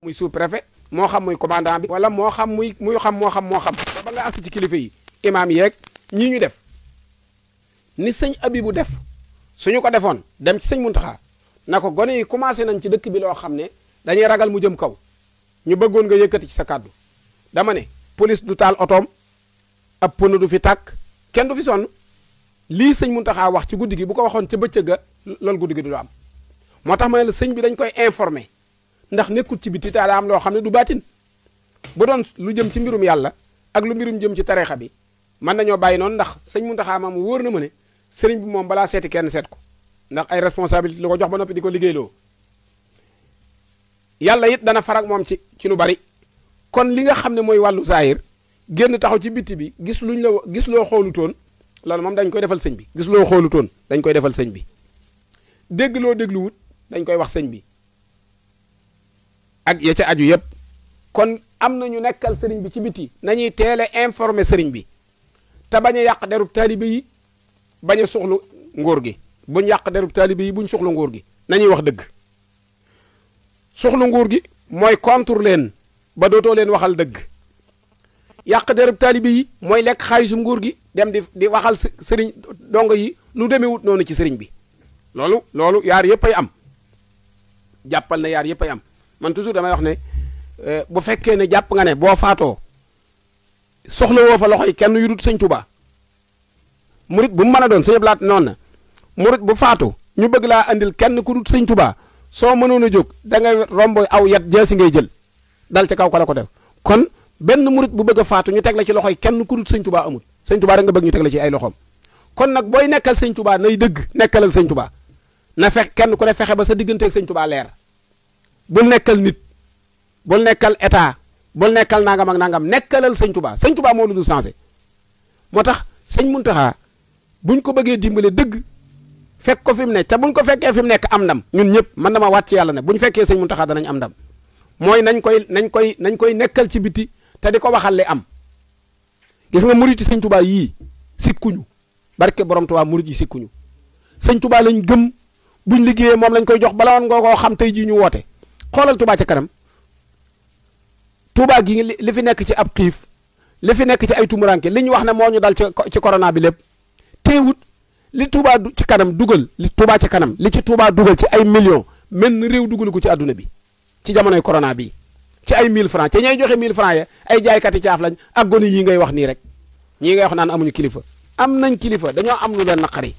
muy sous préfet mo xam muy commandant bi wala mo xam muy muy xam mo xam mo xam ba nga àgg ci kilifa yi imaam yeeg ñi ñu def ni seigne abibou def suñu ko defoon dem ci seigne muntaha nako goné yi commencé nañ ci dëkk bi lo xamné dañuy ragal mu jëm kaw ñu bëggoon nga yëkëti ci sa cadeau dama né police du tal autom ap ponu du fi tak kenn du fi son li seigne muntaha wax ci guddigi bu ko waxon ci bëccëg ga guddigi du am motax ma le seigne bi dañ koy informer ndax nekkul ci biti taala am loo xam ne du baatin bu doon lu jëm ci mbirum yàlla ak lu mbirum jëm ci tareexa bi mën nañoo bàyyi noonu ndax sëñ Muntaxa mu wóor na ma ne sëriñ bi moom balaa seeti kenn seet ko ndax ay responsabilité la ko jox ba noppi di ko liggéeyloo yàlla it dana farak moom ci ci lu bari kon li nga xam ne mooy wàllu saayir génn taxaw ci bitti bi gis luñ la gis loo xoolutoon loolu moom dañ koy defal sëñ bi gis loo xoolutoon dañ koy defal sëñ bi dégg loo dañ koy wax sëñ bi ak ya ca aju yëpp kon am na ñu nekkal sëriñ bi ci biti nañuy teel a informer sëriñ bi te bañ a yàq derub taalibe yi bañ a soxlu nguur gi buñ yàq derub taalibe yi buñ soxlu nguur gi nañuy wax dëgg soxlu nguur gi mooy contre leen ba dootoo leen waxal dëgg yàq derub taalibe yi mooy lekk xaalisum nguur gi dem di di waxal sëriñ dongo yi lu demee wut noonu ci sëriñ bi loolu loolu yaar yëpp ay am jàppal na yaar yëpp ay am man toujours dama yox ne euh, bu fekkee ne jàpp nga ne boo faatoo soxla woo fa loxo yi kenn yu sëñ tubaa murit bu mu mën a doon sëñ Blaat na murit bu faatu ñu bëgg laa indil kenn ku dut sëñ tubaa soo mënoon a jóg da ngay romb aw yat jaasi ngay jël dal ca kaw ka la ko def kon benn murit bu bëgg a faatu ñu teg la ci yi kenn ku dut sëñ Tuubaa amul sëñ Tuubaa rek bëgg ñu teg la ci ay loxoom kon nag booy nekkal sëñ tubaa nay dëgg nekkalal sëñ Tuubaa na fex kenn ku ne fexe ba sa digganteeg sëñ Tuubaa leer bul nekkal nit bul nekkal état bul nekkal nangam ak nangam nekkalal sëñ tubaa sëñ tubaa moo lu du changé moo tax sëñ Muntaxa buñ ko bëggee dimbale dëgg fekk ko fi mu ne te buñ ko fekkee fi mu nekk am ndam ñun ñëpp man dama wàcc yàlla ne buñ fekkee sëñ Muntaxa danañ am ndam mooy nañ koy nañ koy nañ koy nekkal ci biti te di ko waxal li am gis nga murit yi sëñ tubaa yii sikkuñu barke borom Tuubaa murit yi sikkuñu sëñ Tuubaa lañ gëm buñ liggéeyee moom lañ koy jox bala woon nga xam tey jii ñu woote xoolal Touba ci kanam Touba gi li fi nekk ci ab xiif li fi nekk ci ay tumuranke li ñu wax ne moo ñu dal ci ci corona bi lépp teewut li Touba ci kanam dugal li Touba ca kanam li ci tuubaa dugal ci ay millions menn réew dugalu ko ci àdduna bi ci jamonoy corona bi ci ay 1000 francs te ñay joxe 1000 francs ya ay jaaykati caaf lañ ak gone yi ngay wax nii rek ñii nga wax naan amuñu kilifa am nañ kilifa dañoo am lu leen naqari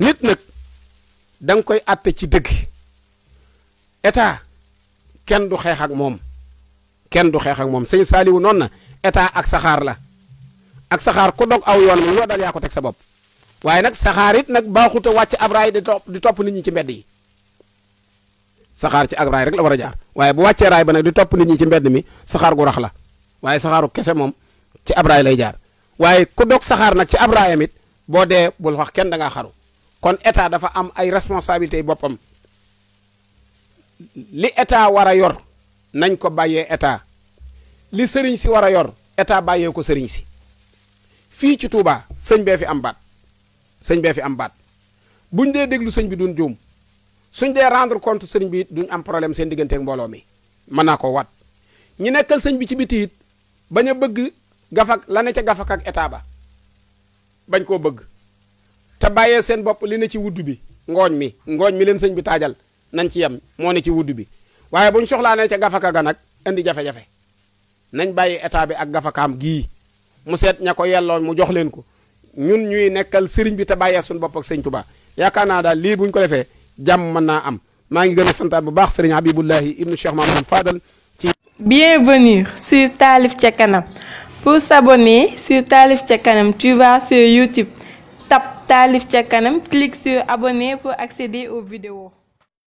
nit nag danga koy àtte ci dëgg. état kenn du xeex moom kenn du xeex ak moom sëñ Saaliwu noon na état ak saxaar la ak saxaar ku dog aw yoon moom loo dal yaa ko teg sa bopp waaye nag saxaarit nag baaxuta a wàcc ab raay di topp di topp nit ñi ci mbedd yi saxaar ci ak rek la war a jaar waaye bu wàccee raay ba nag di topp nit ci mbedd mi saxaar gu rax la waaye saxaaru kese moom ci ab raay lay jaar waaye ku dog saxaar nag ci ab raayam it boo dee bul wax kenn danga xaru kon état dafa am ay responsabilité boppam. li état war a yor nañ ko bàyyee état li sëriñ si war a yor état bàyyee ko sëriñ si fii ci Touba sëñ bee fi am baat sëñ bee fi am baat buñ dee déglu sëñ bi duñ juum suñ dee rendre compte sëriñ bi it duñ am problème seen digganteeg mbooloo mi mën naa ko wat ñi nekkal sëñ bi ci biti it bañ a bëgg gafak la ne ca gafak ak état ba bañ koo bëgg te bàyyee seen bopp li ne ci wudd bi ngooñ mi ngooñ mi leen sëñ bi taajal nañ ci yam moo ne ci wudd bi waaye buñ soxlaa ca gafaka ga nag indi jafe-jafe nañ bàyyi état bi ak gafakaam gii mu seet ña ko yelloo mu jox leen ko ñun ñuy nekkal sëriñ bi te bàyyee suñu bopp ak sëriñ yaakaar naa daal lii buñ ko defee jàmm mën naa am maa ngi gën a santaat bu baax sëriñ Habibullahi ibnu Cheikh Mamadou Fadal ci bienvenue sur talif ca kanam pour s'abonner sur talif ca kanam tu vas sur YouTube tap talif ca kanam clique sur abonner pour accéder aux vidéos